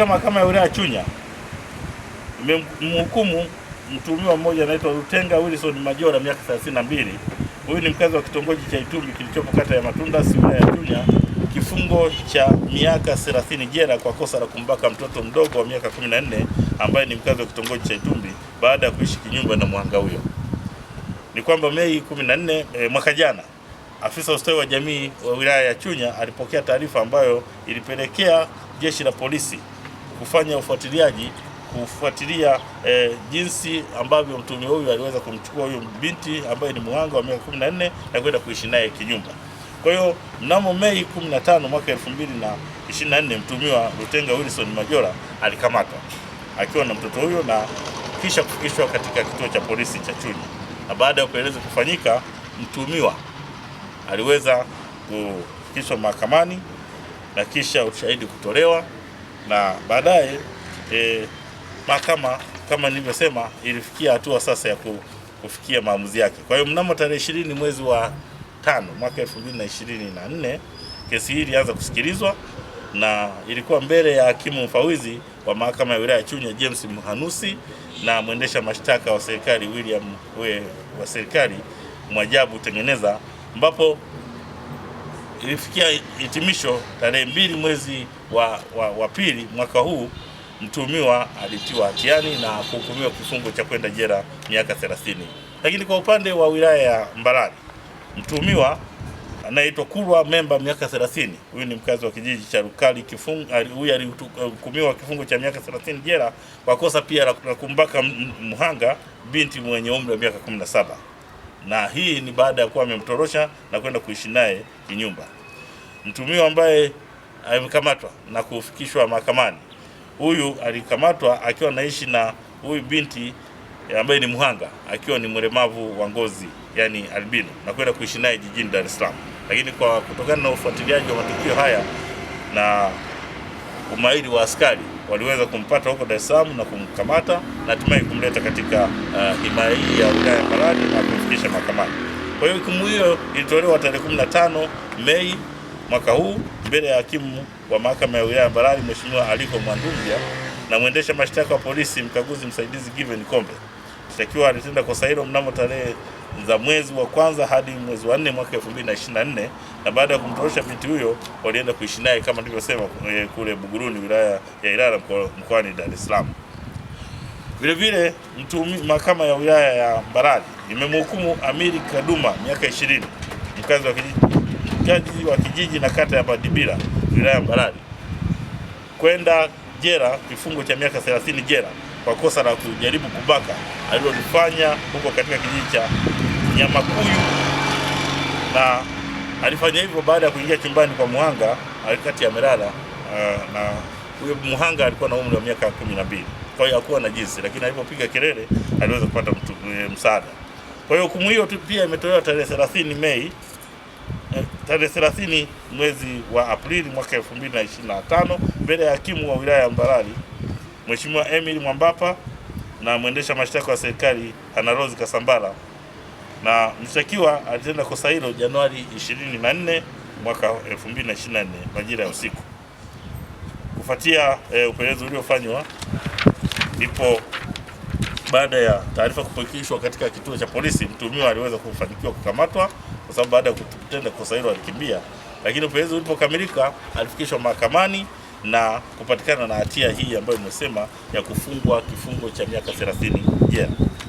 katika mahakama ya wilaya Chunya imemhukumu mtuhumiwa mmoja anaitwa Rutenga Wilson Majora miaka 32, huyu ni mkazi wa kitongoji cha Itumbi kilichopo kata ya Matunda wilaya ya Chunya kifungo cha miaka 30 jela kwa kosa la kumbaka mtoto mdogo wa miaka 14 ambaye ni mkazi wa kitongoji cha Itumbi baada ya kuishi kinyumba na mwanga huyo. Ni kwamba Mei 14 e, eh, mwaka jana afisa ustawi wa jamii wa wilaya ya Chunya alipokea taarifa ambayo ilipelekea jeshi la polisi kufanya ufuatiliaji kufuatilia e, jinsi ambavyo mtumia huyu aliweza kumchukua huyu binti ambaye ni muhanga wa miaka 14 na kwenda kuishi naye kinyumba. Kwa hiyo mnamo Mei 15 mwaka 2024 mtumiwa Lutenga Wilson Majora alikamatwa akiwa na mtoto huyo na kisha kufikishwa katika kituo cha polisi cha Chunya, na baada ya upelelezi kufanyika, mtumiwa aliweza kufikishwa mahakamani na kisha ushahidi kutolewa na baadaye e, mahakama kama nilivyosema ilifikia hatua sasa ya kufikia maamuzi yake. Kwa hiyo mnamo tarehe ishirini mwezi wa tano mwaka 2024 kesi hii ilianza kusikilizwa na ilikuwa mbele ya hakimu mfawizi wa mahakama ya wilaya Chunya James Mhanusi na mwendesha mashtaka wa serikali William we, wa serikali Mwajabu Tengeneza ambapo ilifikia hitimisho tarehe mbili mwezi wa, wa, wa pili mwaka huu mtuhumiwa alitiwa hatiani na kuhukumiwa kifungo cha kwenda jela miaka 30. Lakini kwa upande wa wilaya ya Mbarali mtuhumiwa anaitwa Kulwa Memba miaka 30. Huyu ni mkazi wa kijiji cha Rukali. Huyu alihukumiwa kifungo cha miaka 30 jela kwa kosa pia la kumbaka mhanga binti mwenye umri wa miaka 17, na hii ni baada ya kuwa amemtorosha na kwenda kuishi naye kinyumba. Mtuhumiwa ambaye amekamatwa na kufikishwa mahakamani. Huyu alikamatwa akiwa anaishi na huyu binti eh, ambaye ni mhanga akiwa ni mlemavu wa ngozi yani albino na kwenda kuishi naye jijini Dar es Salaam, lakini kwa kutokana na ufuatiliaji wa matukio haya na umahiri wa askari waliweza kumpata huko Dar es Salaam na kumkamata na hatimaye kumleta katika uh, himaya hii ya wilaya ya Mbarali na kumfikisha mahakamani. Kwa hiyo hukumu hiyo ilitolewa tarehe 15 Mei mwaka huu mbele ya hakimu wa mahakama ya wilaya Mbarali Mheshimiwa Aliko Mwandumbia na mwendesha mashtaka wa polisi mkaguzi msaidizi Given Kombe. Mshtakiwa alitenda kosa hilo mnamo tarehe za mwezi wa kwanza hadi mwezi wa nne mwaka 2024 na baada ya kumtorosha binti huyo walienda kuishi naye kama nilivyosema eh, kule Buguruni wilaya ya Ilala mkoani Dar es Salaam. Vilevile mahakama ya wilaya ya Mbarali imemhukumu Amiri Kaduma miaka 20 mkazi wa kijiji jaji wa kijiji na kata ya Badibira wilaya ya Mbarali kwenda jela kifungo cha miaka 30 jela kwa kosa la kujaribu kubaka alilolifanya huko katika kijiji cha Nyamakuyu, na alifanya hivyo baada ya kuingia chumbani kwa muhanga alikati ya Merala uh, eh, na huyo muhanga alikuwa na umri wa miaka 12 Kwa hiyo hakuwa na jinsi, lakini alipopiga kelele aliweza kupata mtu, eh, msaada. Kwa hiyo hukumu hiyo pia imetolewa tarehe 30 Mei tarehe 30 mwezi wa Aprili mwaka 2025 mbele ya hakimu wa wilaya ya Mbarali Mheshimiwa Emil Mwambapa na mwendesha mashtaka wa serikali Ana Rose Kasambala, na mshtakiwa alitenda kosa hilo Januari 24 mwaka 2024 majira ya usiku. Kufuatia e, upelelezi uliofanywa ndipo baada ya taarifa kupokelewa katika kituo cha polisi, mtuhumiwa aliweza kufanikiwa kukamatwa kwa sababu baada ya kutenda kosa hilo alikimbia, lakini upelelezi ulipokamilika alifikishwa mahakamani na kupatikana na hatia hii ambayo imesema ya kufungwa kifungo cha miaka 30 jela. Yeah.